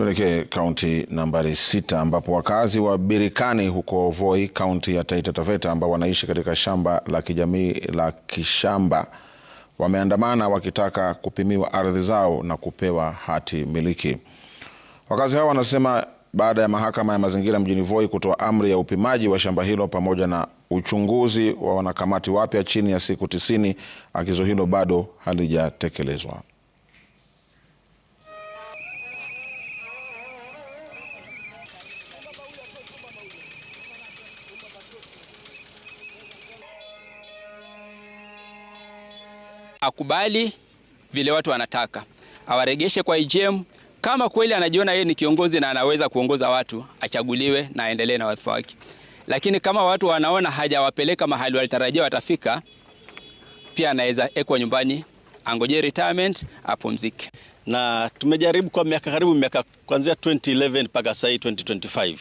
Tuelekee kaunti nambari sita ambapo wakazi wa Birikani huko voi kaunti ya Taita Taveta ambao wanaishi katika shamba la kijamii la Kishamba wameandamana wakitaka kupimiwa ardhi zao na kupewa hati miliki. Wakazi hao wanasema baada ya mahakama ya mazingira mjini Voi kutoa amri ya upimaji wa shamba hilo pamoja na uchunguzi wa wanakamati wapya chini ya siku tisini, agizo hilo bado halijatekelezwa. akubali vile watu wanataka, awaregeshe kwa IGM. Kama kweli anajiona yeye ni kiongozi na anaweza kuongoza watu, achaguliwe na aendelee na wadhifa wake. Lakini kama watu wanaona hajawapeleka mahali walitarajia watafika, pia anaweza ekwa nyumbani, angoje retirement apumzike. Na tumejaribu kwa miaka karibu miaka kuanzia 2011 mpaka sasa 2025,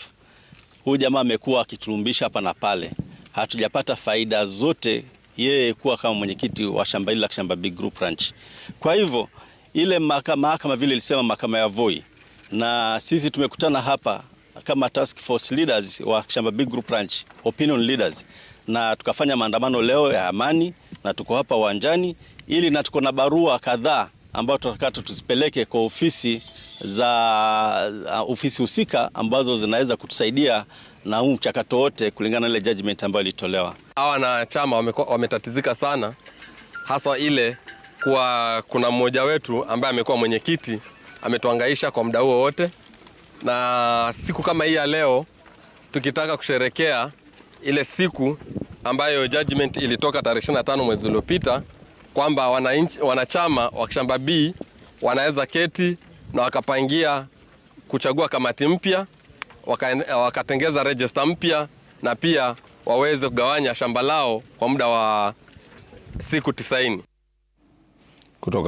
huyu jamaa amekuwa akitulumbisha hapa na pale, hatujapata faida zote yeye kuwa kama mwenyekiti wa shamba hili la shamba Big Group Ranch. Kwa hivyo ile mahakama vile ilisema mahakama ya Voi, na sisi tumekutana hapa kama task force leaders wa shamba Big Group Ranch, opinion leaders, na tukafanya maandamano leo ya amani, na tuko hapa uwanjani ili na tuko na barua kadhaa ambao tutakata tuzipeleke kwa ofisi za uh, ofisi husika ambazo zinaweza kutusaidia na huu mchakato wote kulingana na ile judgment ambayo ilitolewa. Hawa wanachama wametatizika sana, haswa ile kuwa kuna mmoja wetu ambaye amekuwa mwenyekiti ametuangaisha kwa muda huo wote, na siku kama hii ya leo tukitaka kusherekea ile siku ambayo judgment ilitoka tarehe 25 mwezi uliopita kwamba wanachama wa Kishamba B wanaweza keti na wakapangia kuchagua kamati mpya waka, wakatengeza rejista mpya na pia waweze kugawanya shamba lao kwa muda wa siku 90 kutoka